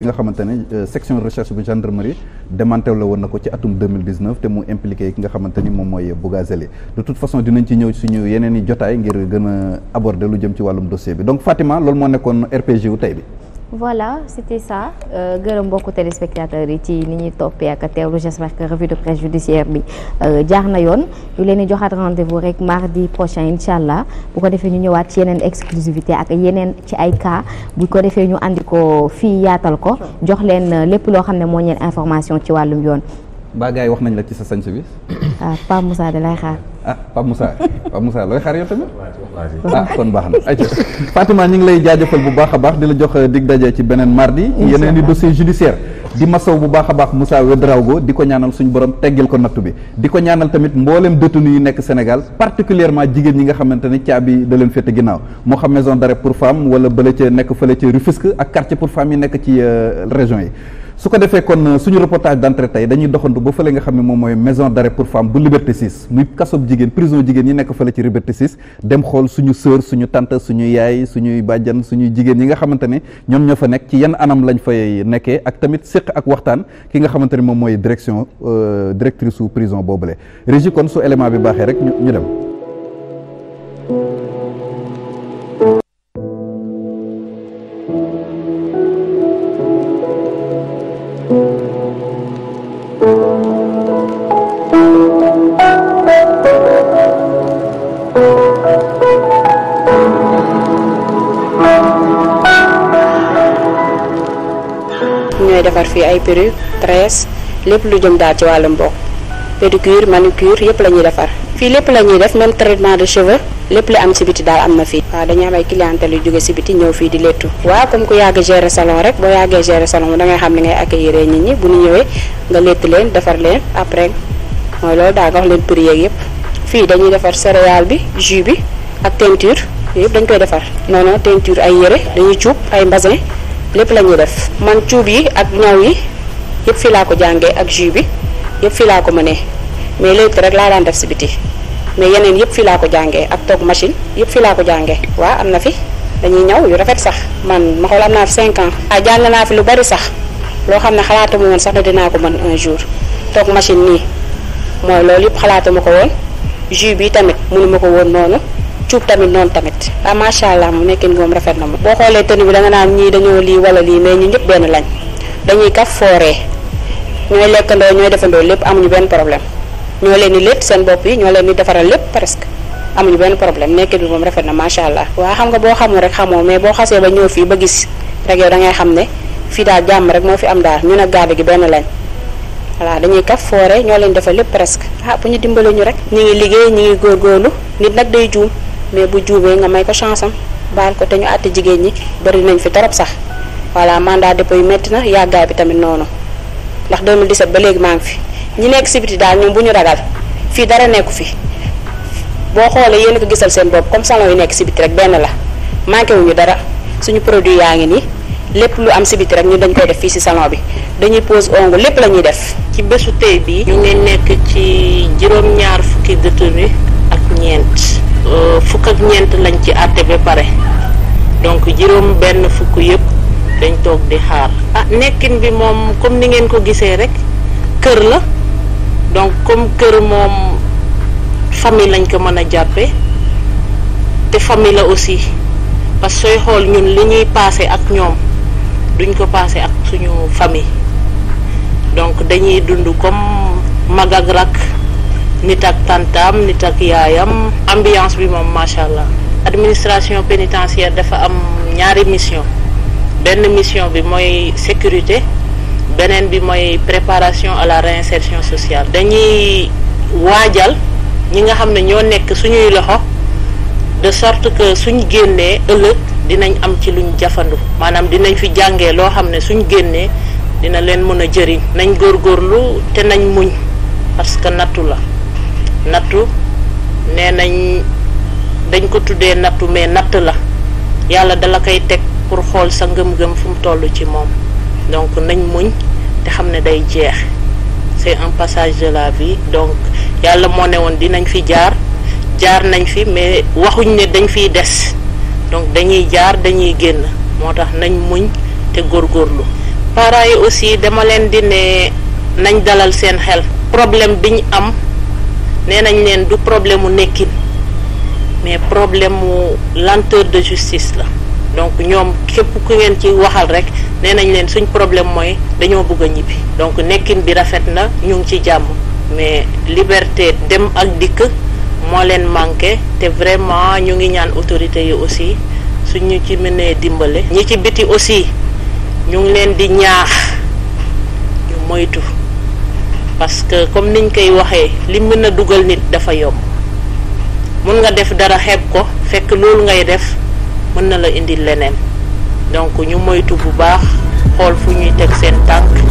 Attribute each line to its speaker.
Speaker 1: li nga xamante ne euh, section recherche bu gendarmerie démantèle woon na ko ci atum 2019 te mu impliqué ki nga xamante ni moom mooy Bougazelli de toute façon dinañ ci ñëw suñu yeneen i jotaay ngir gën a lu jëm ci wàllum dossier bi donc Fatima loolu moo nekkoon RPG wu tey bi
Speaker 2: voilà c'était ça euh, gërëm mbokku téléspectateurs yi ci ni ñuy toppee ak teewlu j'espère que revue de presse judiciaire bi euh, jaar na yoon ñu leen di joxaat rendez-vous rek mardi prochain incha allah bu ko defee ñu ñëwaat ci yeneen exclusivité ak yeneen ci ay cas bu ko defee ñu andi ko fii yaatal ko jox leen euh, lépp loo xam ne moo ñeen information ci wàllum yoon.
Speaker 1: baa gars wax nañ la ci sa sañ bi.
Speaker 2: ah Pape Moussa lay xaar.
Speaker 1: ah Pape Moussa Pape Moussa looy xaar yow tamit ah kon baax na ayca Fatima ñu ngi lay jaajëfal bu baax a baax di la jox euh, dig daje ci beneen mardi yeneen i dossier judiciaire di masaw bu baax a baax Moussa Ouedraogo di ko ñaanal suñu borom teggil ko nattu bi di ko ñaanal tamit mbooleem détenu yu nekk Sénégal particulièrement jigéen ñi nga xamante ne caabi da leen féete ginnaaw moo xam maison d'arrêt pour femme wala bële ca nekk fële ca Rufisque ak quartier pour femme yi nekk ci euh, région yi su ko defee kon euh, suñu reportage d'entrée tey dañuy doxantu ba fële nga xam ne moom mooy maison d'arrêt pour femmes bu Liberté 6 muy kasob jigéen prison jigéen ñi nekk fële ci Liberté 6 dem xool suñu sœur suñu tante suñu yaay suñuy bàjjan suñu jigéen yi nga xamante ne ñoom ñoo fa nekk ci yenn anam lañ fay nekkee ak tamit séq ak waxtaan ki nga xamante ne moom mooy direction euh, directrice su prison boobule régie kon su élément bi baaxee rek ñu dem
Speaker 2: ñooy defar fii ay perruque tresse lépp lu jëm daal ci wàllum bopp pédicure manucure yëpp la ñuy defar fii lépp la ñuy def même traitement de cheveux lépp li am ci daal am na fii waaw dañuy am ay clientèle yu jóge ci ñëw fii di lettu waaw comme ku yàgg gérer salon rek boo yàggee gérer salon da ngay xam ni ngay accueillir nit ñi bu ñu ñëwee nga lett leen defar leen après mooy loolu daa nga wax leen prix yeeg yëpp fii dañuy defar céréale bi jus bi ak teinture lépp la ñuy def man cuub yi ak ñaw yi yëpp fii laa ko jàngee ak jus bi yëpp fii laa ko mënee mais léegi rek laa daan def si biti mais yeneen yëpp fii laa ko jàngee ak toog machine yëpp fii laa ko jàngee waaw am na fi dañuy ñaw yu rafet sax man ma xool am naa fi 5 ans. ah jàng naa fi lu bari sax loo xam ne xalaatuma woon sax ne dinaa ko mën un jour toog machine nii mooy loolu yëpp xalaatuma ko woon jus bi tamit mënuma ko woon noonu. cuub tamit noonu tamit ah macha allah mu nekkin moom rafet na moom. boo xoolee tenue bi da nga naan ñii dañoo lii wala lii mais ñëpp benn lañ dañuy kaf fooree ñooy lekkandoo ñooy defandoo lépp amuñu benn problème ñoo leen di létt seen bopp ñoo leen di defaral lépp presque. amuñu benn problème nekkin bi rafet na macha allah. waa xam nga boo xamul rek xamoo mais boo xasee ba ñëw fii ba gis rek yow da ngay xam ne fii daal jàmm rek moo fi am daal ñu ne gi benn lañ voilà dañuy kaf foore ñoo leen defal lépp presque ah bu ñu dimbale ñu rek. ñu ngi liggéey ñu ngi góorgóorlu nit nag day juum. mais bu juumee nga may ko chance am baal ko te ñu àtte jigéen ñi bari nañ fi torop sax voilà mandat dépôt yi métti na yàggaay bi tamit noonu ndax 2017 ba léegi maa ngi fi ñi nekk si biti daal ñoom bu ñu ragal fii dara nekku fi boo xoolee yéen ko gisal seen bopp comme salon yi nekk si biti rek benn la manqué wuñu dara suñu produit yaa ngi nii lépp lu am si biti rek ñu dañ koy def fii si salon bi dañuy pose ongle lépp la ñuy def. ci bésu tey bii. ñu nekk ci
Speaker 3: juróom-ñaar fukki détenu ak ñeent. Euh, fukk ak ñeent lañ ci àtte ba pare donc juróom benn fukk yëpp dañ toog di xaar ah nekkin bi moom comme ni ngeen ko gisee rek kër la donc comme kër moom famille lañ ko mën a jàppe te famille la aussi parce que sooy xool ñun li ñuy passé ak ñoom duñ ko passé ak suñu famille donc dañuy dund comme mag rakk nit ak tantam nit ak yaayam ambiance bi moom macha allah administration pénitentiaire dafa am ñaari mission benn mission bi mooy sécurité beneen bi mooy préparation à la réinsertion sociale dañuy waajal ñi nga xam ne ñoo nekk suñuy loxo de sorte que suñ génnee ëllëg dinañ am ci luñ jafandu maanaam dinañ fi jàngee loo xam ne suñ génnee dina leen mën a jëriñ nañ góor góorlu te nañ muñ parce que nattu la nattu nee nañ dañ ko tuddee nattu mais natt la yàlla dala koy teg pour xool sa ngëm-ngëm fu mu toll ci moom donc nañ muñ te xam ne day jeex c'est un passage de la vie donc yàlla moo ne woon dinañ fi jaar jaar nañ fi mais waxuñ ne dañ fiy des donc dañuy jaar dañuy génn moo tax nañ muñ te góorgóorlu parents yi aussi dama leen di ne nañ dalal seen xel problème bi ñu am nee nañ leen du problème mu nekkin mais problème mu lenteur de justice la donc ñoom képp ku ngeen ci waxal rek nee nañ leen suñ problème mooy dañoo bugg a ñibbi donc nekkin bi rafet na ñu ngi ci jàmm mais liberté dem ak dikk moo leen manqué te vraiment ñu ngi ñaan autorités yi aussi suñ ñu ci mënee dimbale ñi ci biti aussi ñu ngi leen di ñaax ñu moytu parce que comme niñ koy waxee li mën a dugal nit dafa yomb mun nga def dara xeeb ko fekk loolu ngay def mën na la indil leneen donc ñu moytu bu baax xool fu ñuy teg seen tànk